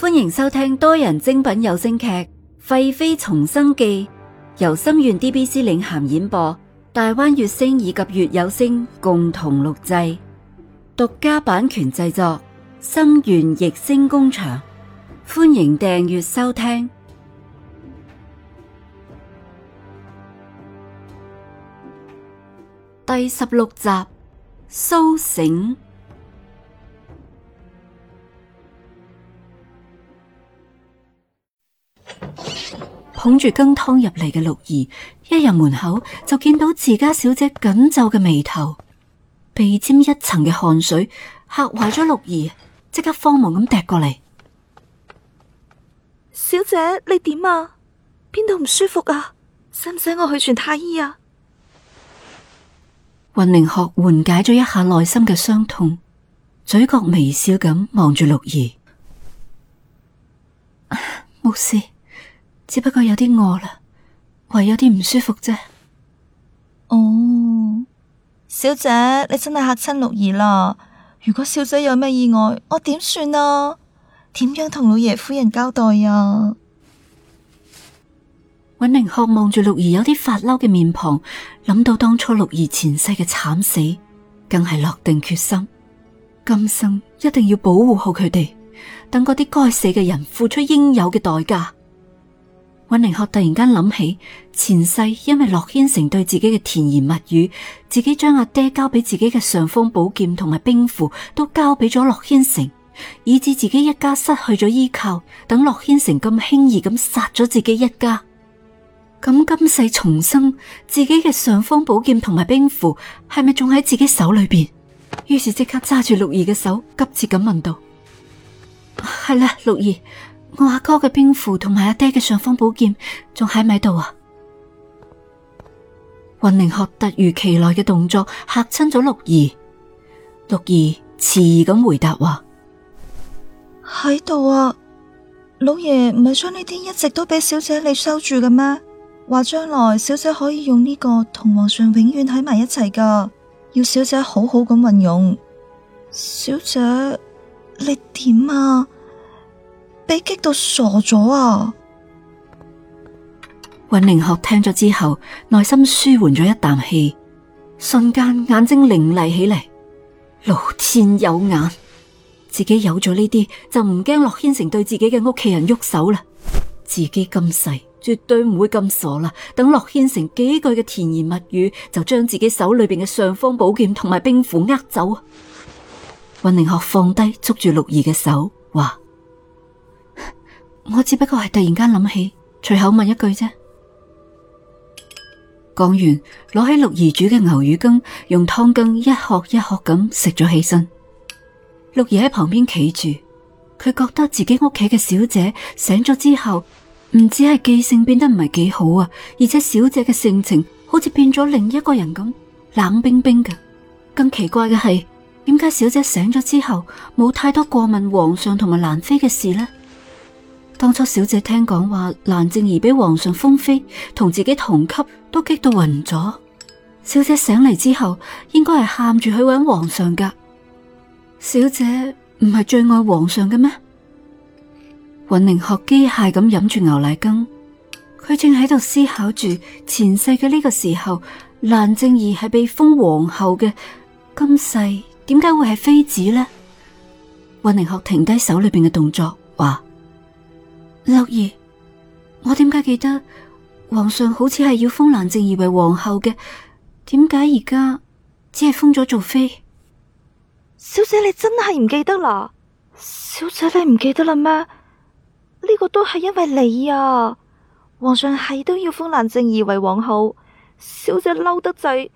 歡迎收聽多人精品有聲劇《廢妃重生記》，由心願 DBC 領銜演播，大灣悅聲以及悅有聲共同錄製，獨家版權製作，心願逸聲工場。歡迎訂閱收聽第十六集《甦醒》。捧住羹湯入嚟嘅六兒，一入門口就見到自家小姐緊皺嘅眉頭，鼻尖一層嘅汗水嚇壞咗六兒，即刻慌忙咁掟過嚟。小姐你點啊？邊度唔舒服啊？使唔使我去傳太醫啊？雲凌鶴緩解咗一下內心嘅傷痛，嘴角微笑咁望住六兒，冇 事。只不過有啲餓啦，胃有啲唔舒服啫。哦，oh，小姐，你真係嚇親六兒啦。如果小姐有咩意外，我點算啊？點樣同老爺夫人交代啊？尹寧鶴望住六兒有啲發嬲嘅面龐，諗到當初六兒前世嘅慘死，更係落定決心，今生一定要保護好佢哋，等嗰啲該死嘅人付出應有嘅代價。溫寧鶴突然間諗起前世，因為洛軒成對自己嘅甜言蜜語，自己將阿爹交俾自己嘅上方寶劍同埋兵符都交俾咗洛軒成，以致自己一家失去咗依靠，等洛軒成咁輕易咁殺咗自己一家。咁今世重生，自己嘅上方寶劍同埋兵符係咪仲喺自己手裏邊？於是即刻揸住六兒嘅手，急切咁問道：係、啊、啦，六兒。我阿哥嘅兵符同埋阿爹嘅上方寶劍仲喺咪度啊！云寧鶴突如其來嘅動作吓親咗六兒，六兒遲疑咁回答話：喺度啊！老爺唔係將呢啲一直都俾小姐你收住嘅咩？話將來小姐可以用呢個同皇上永遠喺埋一齊噶，要小姐好好咁運用。小姐你點啊？被激到傻咗啊！尹寧學聽咗之後，內心舒緩咗一啖氣，瞬間眼睛凌厲起嚟。老天有眼，自己有咗呢啲，就唔驚洛軒成對自己嘅屋企人喐手啦。自己今世，絕對唔會咁傻啦。等洛軒成幾句嘅甜言蜜語，就將自己手裏邊嘅尚方寶劍同埋兵符呃走啊！尹寧學放低捉住六兒嘅手，話。我只不過係突然間諗起，隨口問一句啫。講完，攞起六兒煮嘅牛乳羹，用湯羹一殼一殼咁食咗起身。六兒喺旁邊企住，佢覺得自己屋企嘅小姐醒咗之後，唔止係記性變得唔係幾好啊，而且小姐嘅性情好似變咗另一個人咁，冷冰冰嘅。更奇怪嘅係，點解小姐醒咗之後冇太多過問皇上同埋蘭妃嘅事呢？當初小姐聽講話蘭靜兒俾皇上封妃，同自己同級都激到暈咗。小姐醒嚟，之後，應該係喊住去揾皇上噶。小姐唔係最愛皇上嘅咩？雲寧學機械咁飲住牛奶羹，佢正喺度思考住前世嘅呢個時候，蘭靜兒係被封皇后嘅，今世點解會係妃子呢？雲寧學停低手裏邊嘅動作，話。樂兒，我點解記得皇上好似係要封蘭靜儀為皇后嘅？點解而家只係封咗做妃？小姐你真係唔記得啦？小姐你唔記得啦咩？呢個都係因為你啊！皇上係都要封蘭靜儀為皇后，小姐嬲得滯，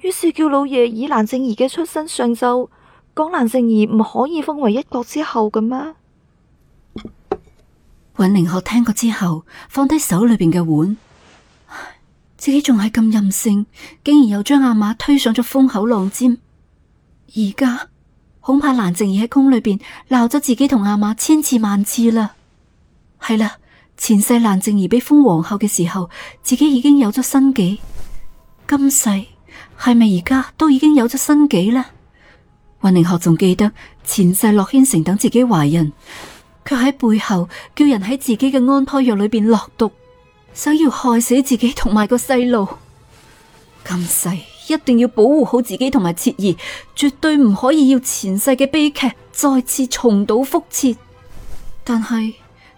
於是叫老爺以蘭靜儀嘅出身上奏，講蘭靜儀唔可以封為一國之后嘅咩？尹寧學聽過之後，放低手裏邊嘅碗，自己仲係咁任性，竟然又將阿瑪推上咗風口浪尖，而家恐怕蘭靜兒喺宮裏邊鬧咗自己同阿瑪千次萬次啦。係啦，前世蘭靜兒俾封皇后嘅時候，自己已經有咗身紀，今世係咪而家都已經有咗身紀咧？尹寧學仲記得前世駱軒成等自己懷孕。卻喺背後叫人喺自己嘅安胎藥裏邊落毒，想要害死自己同埋個細路。今世一定要保護好自己同埋切兒，絕對唔可以要前世嘅悲劇再次重蹈覆轍。但係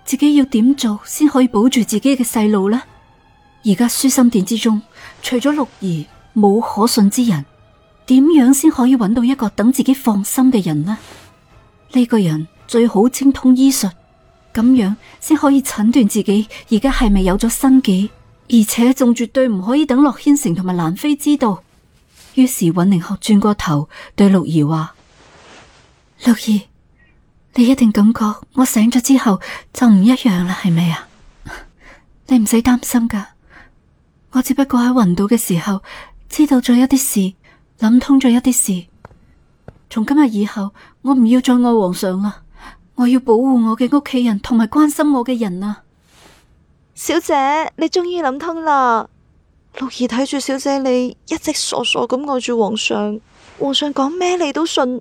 自己要點做先可以保住自己嘅細路呢？而家舒心殿之中，除咗六兒冇可信之人，點樣先可以揾到一個等自己放心嘅人呢？呢個人。最好精通醫術，咁樣先可以診斷自己而家係咪有咗身記，而且仲絕對唔可以等洛軒成同埋蘭妃知道。於是允寧學轉過頭對六兒話：六兒，你一定感覺我醒咗之後就唔一樣啦，係咪啊？ 你唔使擔心噶，我只不過喺暈倒嘅時候知道咗一啲事，諗通咗一啲事。從今日以後，我唔要再愛皇上啦。我要保護我嘅屋企人同埋關心我嘅人啊！小姐，你終於諗通啦。六兒睇住小姐你，一直傻傻咁愛住皇上，皇上講咩你都信，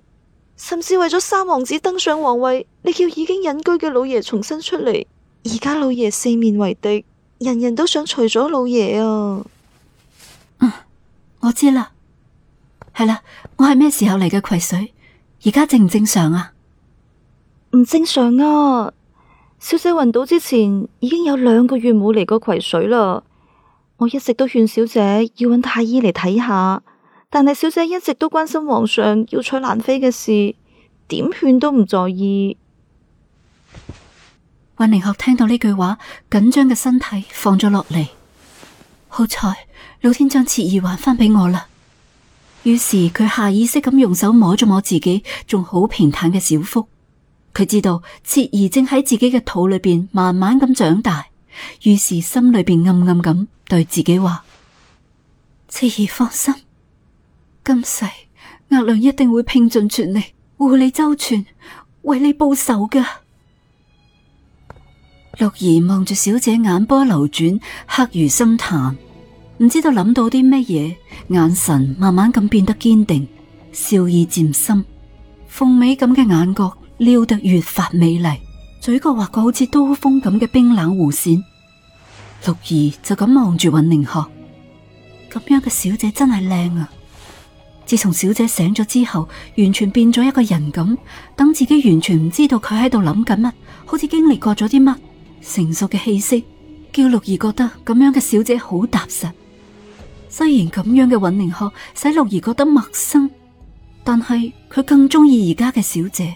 甚至為咗三王子登上皇位，你叫已經隱居嘅老爺重新出嚟。而家老爺四面圍敵，人人都想除咗老爺啊！嗯，我知啦。係啦，我係咩時候嚟嘅葵水？而家正唔正常啊？唔正常啊！小姐暈倒之前已經有兩個月冇嚟過葵水啦，我一直都勸小姐要揾太醫嚟睇下，但係小姐一直都關心皇上要娶蘭妃嘅事，點勸都唔在意。溫寧學聽到呢句話，緊張嘅身體放咗落嚟，好彩老天將此兒還返俾我啦。於是佢下意識咁用手摸咗摸自己仲好平坦嘅小腹。佢知道切兒正喺自己嘅肚裏邊慢慢咁長大，於是心裏邊暗暗咁對自己話：切兒放心，今世額娘一定會拼盡全力護你周全，為你報仇嘅。六兒望住小姐，眼波流轉，黑如深潭，唔知道諗到啲咩嘢，眼神慢慢咁變得堅定，笑意漸深，鳳尾咁嘅眼角撩得越發美麗，嘴角劃過好似刀鋒咁嘅冰冷弧線。六兒就咁望住尹寧鶴，咁樣嘅小姐真係靚啊！自從小姐醒咗之後，完全變咗一個人咁，等自己完全唔知道佢喺度諗緊乜，好似經歷過咗啲乜成熟嘅氣息，叫六兒覺得咁樣嘅小姐好踏實。雖然咁樣嘅尹寧鶴使六兒覺得陌生，但係佢更中意而家嘅小姐。